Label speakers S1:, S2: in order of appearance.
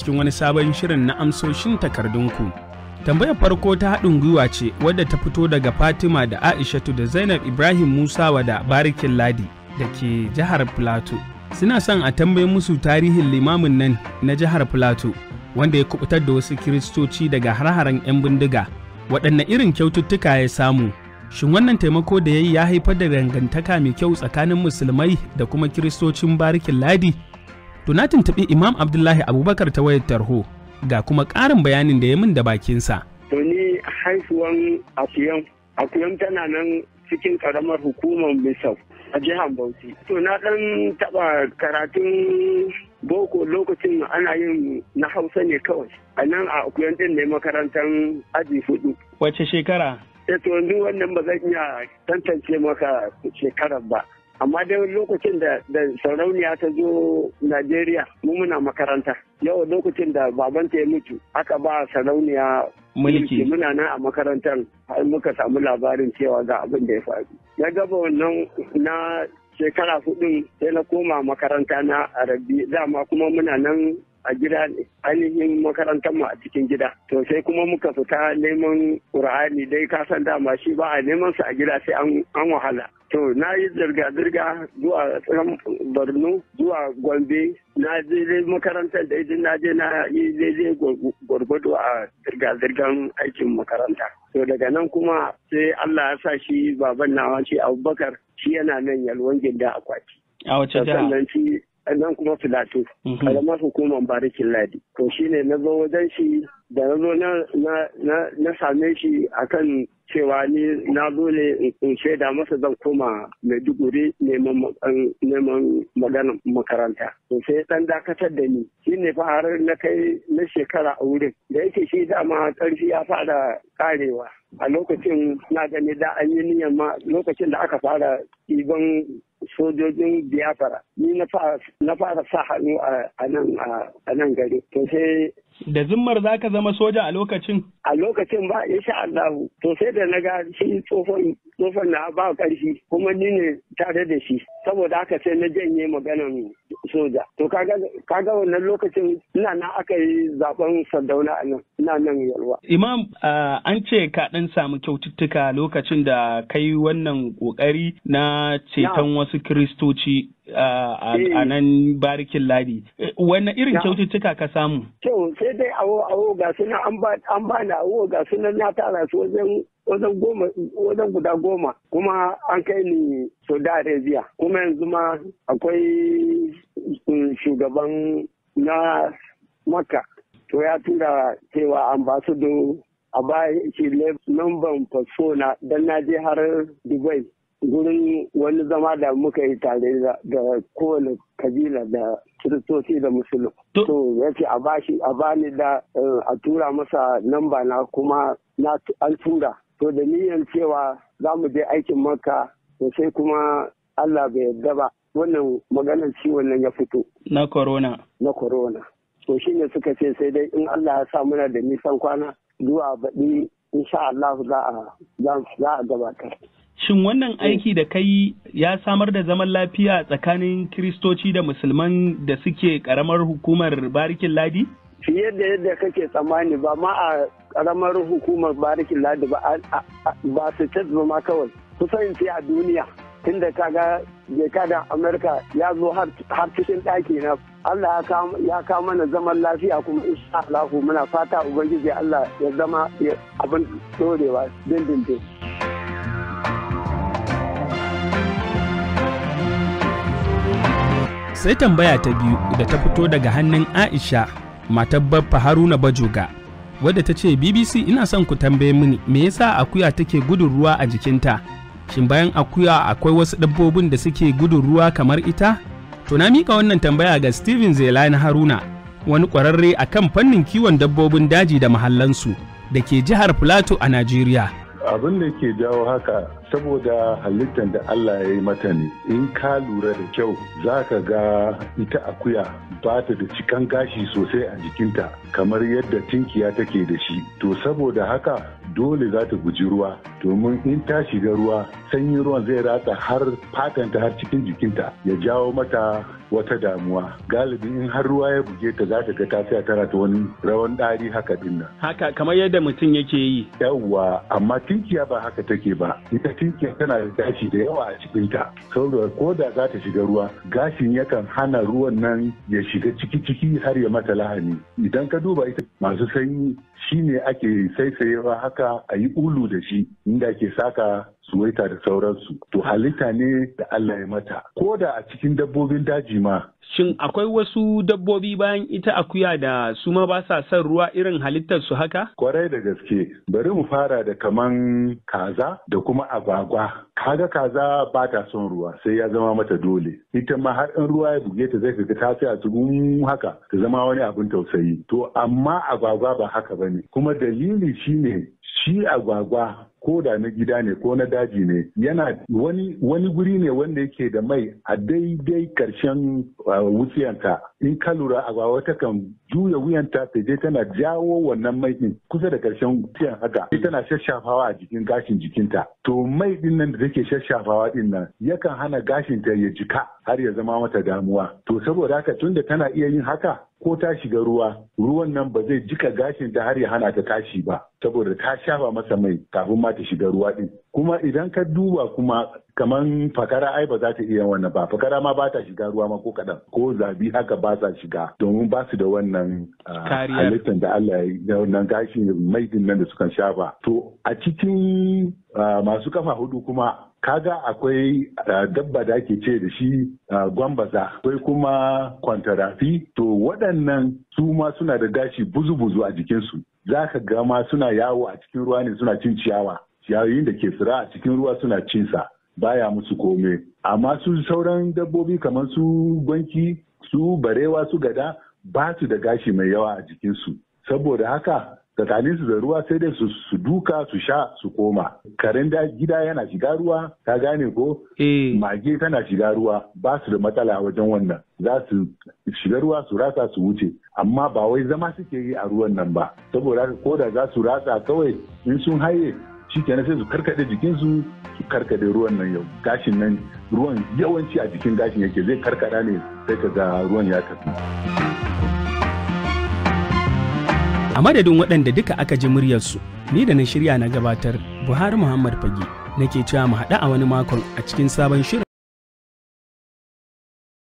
S1: cikin wani sabon shirin na amsoshin takardunku. Tambayar farko ta haɗin gwiwa ce wadda ta fito daga Fatima da Aishatu da Zainab Ibrahim Musa wada Barikin Ladi da ke jihar Filato. Suna son a tambaye musu tarihin limamin nan na jihar Filato wanda ya kubutar da wasu kiristoci daga har-haren 'yan bindiga. Waɗanne irin kyaututtuka ya samu Shin wannan taimako da ya yi ya haifar da dangantaka mai kyau tsakanin musulmai da kuma kiristocin barikin ladi? to na tuntuɓi imam abdullahi abubakar ta wayar tarho ga kuma ƙarin bayanin da ya min da bakinsa.
S2: to ni haihuwan akuyam akuyam tana nan cikin ƙaramar hukumar misau a jihar bauchi to na ɗan taɓa karatun boko lokacin ana yin na hausa ne kawai a nan a akuyam ɗin ne makarantar aji hudu
S1: wace shekara?
S2: Eh, to yanzu wannan ba zan iya tantance maka shekarar ba amma dai lokacin da da sarauniya ta zo najeriya mu muna makaranta yau lokacin da babanta ya mutu aka ba sarauniya mulki muna nan a makarantar har muka samu labarin cewa ga abin da ya faru ya gaba wannan na shekara hudu sai na koma makaranta na arabi dama kuma muna nan a gida ainihin makarantar mu a cikin gida to sai kuma muka fita neman qur'ani dai ka san dama shi ba a neman sa a gida sai an wahala To na yi zirga-zirga zuwa tsakan Borno zuwa Gombe na je makarantar da idan na je na yi daidai gwargwado a zirga-zirgan aikin makaranta. To daga nan kuma sai Allah ya sa shi baban nawa shi Abubakar shi yana nan yalwan gida akwati.
S1: A wace jiha?
S2: nan kuma filato mhm. karamar hukumar barikin ladi to shine na zo wajen shi da na zo na same shi akan cewa ni na zo ne in shaida masa zan koma maiduguri neman magana makaranta to sai ɗan dakatar da ni shi ne fa har na kai na shekara a wurin da yake shi dama ƙarfi ya fara karewa a lokacin na gani da an yi niyan ma lokacin da aka fara ɗiban sojojin biyafara ni na fara sa hannu a nan gari to
S1: sai Da zimmar za ka zama soja a lokacin? A
S2: lokacin ba, sha Allahu. To sai da na ga shi tsofon na ba ƙarfi kuma ni ne tare da shi. Saboda haka sai na janye mu. soja to kaga kaga wannan lokacin ina nan aka yi zaben sadauna a nan ina nan yalwa
S1: imam an ce ka dan samu kyaututtuka lokacin da kai wannan kokari na ceton wasu kristoci a eh. nan barikin ladi Wannan irin kyaututtuka ka samu
S2: Kyau, sai dai awo awo ga suna an ba na awo ga suna na tara su wajen wajen goma wajen guda goma kuma an kai ni Saudi Arabia kuma yanzu ma akwai shugaban na maka to ya tura cewa ambasado a shi lambar fasfo na don na je har dubai gurin wani zama da muka yi tare da kowane kabila da kiristoci da musulun. To ya ce a bashi a bani da eh, a tura masa namba na kuma na an tura. To da niyan cewa za mu je aikin maka to sai kuma Allah bai yarda ba. wannan maganar ciwon nan ya fito.
S1: Na corona.
S2: Na corona. To shi ne suka ce sai dai in Allah ya sa muna da nisan kwana zuwa baɗi insha Allah za a gabatar.
S1: Shin wannan eh. aiki da kai ya samar da zaman lafiya tsakanin Kiristoci da Musulman da suke karamar hukumar Barikin Ladi?
S2: Fiye da yadda kake tsammani ba ma a ƙaramar hukumar Barikin Ladi ba su ba ma kawai kusan a duniya. tunda kaga kada amurka ya zo har cikin ɗaki na Allah ya kawo mana zaman lafiya kuma insha Allah muna fata ubangiji Allah ya zama abin dorewa
S1: dindindin. Sai tambaya ta biyu da ta fito daga hannun Aisha matar Baffa Haruna Bajoga wadda ta ce BBC ina son ku tambaye mini me yasa akuya take gudun ruwa a jikinta shin bayan akuya akwai wasu dabbobin da suke gudun ruwa kamar ita to na mika wannan tambaya ga steven zelani haruna wani ƙwararre a kan fannin kiwon dabbobin daji da mahallansu da ke jihar Filato a najeriya
S3: abin da ke jawo haka saboda halittar da Allah ya yi mata ne in ka lura da kyau za ka ga ita akuya ba ta da cikan gashi sosai a jikinta kamar yadda tinkiya take da shi to saboda haka dole za ta guji ruwa domin in ta shiga ruwa sanyin ruwan zai ratsa har fatanta har cikin jikinta ya jawo mata wata damuwa Galibi, in har ruwa ya buge ta za ta ga ta tsaya tana ta wani rawan ɗari haka dinnan. haka kamar yadda mutum yake yi yawwa amma tinkiya ba haka take ba ita tinkiya tana da gashi da yawa a cikin ta saboda ko da za ta shiga ruwa gashin yakan hana ruwan nan ya shiga ciki ciki har ya mata lahani idan ka duba ita masu sanyi shine ake saisayewa haka a yi ulu da shi inda ke saka suwaita da sauransu to halitta ne da Allah ya mata ko da a cikin dabbobin daji ma
S1: shin akwai wasu dabbobi bayan ita akuya da su ma ba sa son ruwa irin halittar su haka
S3: kwarai da gaske bari mu fara da kaman kaza da kuma agwagwa kaga kaza ba ta son ruwa sai ya zama mata dole ita ma har in ruwa ya buge ta zai kaga ta sai a cikin um haka ta zama wani abin tausayi to amma agwagwa ba haka bane kuma dalili shine shi agwagwa ko da na gida ne ko na daji ne yana wani wani guri ne wanda yake da mai a daidai karshen uh, wuciyanta in ka lura a wata kan juya wuyanta ta je tana jawo wannan mai din kusa da karshen wuciyan haka tana shashafawa a jikin gashin jikinta to mai din nan da take shashafawa din nan yakan hana gashin ta ya jika har ya zama mata damuwa to saboda haka tunda tana iya yin haka ko ta shiga ruwa ruwan nan ba zai jika gashin ta har ya hana ta tashi ba saboda ta shafa masa mai kafin ma ta shiga ruwa din kuma idan ka duba kuma kaman fakara ai ba za ta iya wannan ba fakara ma ba ta shiga ruwa ma ko kadan ko zabi haka ba sa shiga domin ba su da wannan ah, halittar da Allah ya yi. da wannan gashin mai din nan da suka shafa to a cikin ah, masu kafa hudu kuma kaga akwai eh, dabba da ake ce da shi eh, gwambaza akwai kuma kwantarafi to waɗannan su ma suna da gashi buzu-buzu a jikinsu za ka gama suna yawo a cikin ruwa ne suna cin ciyawa ciyayoyin da ke tsira a cikin ruwa suna cinsa baya musu komai. amma su sauran dabbobi kamar su gwanki su barewa su gada ba su da gashi mai yawa a jikinsu saboda haka tsakanin su da ruwa sai dai su su duka su sha su koma karen gida yana shiga ruwa ta gane ko eh. mage tana shiga ruwa ba su da matsala wajen wannan za su shiga ruwa su rasa su wuce amma ba wai zama suke yi a ruwan nan ba saboda ko da za su rasa kawai in sun haye shikenan sai su karkade jikinsu su karkade ruwan nan yau gashin nan ruwan yawanci a jikin gashin yake zai karkada ne sai ka ga ruwan ya tafi.
S1: A madadin waɗanda duka aka ji muryarsu, ni da na shirya na gabatar Buhari Muhammad Fage nake cewa mu haɗa a wani makon a cikin sabon shirin.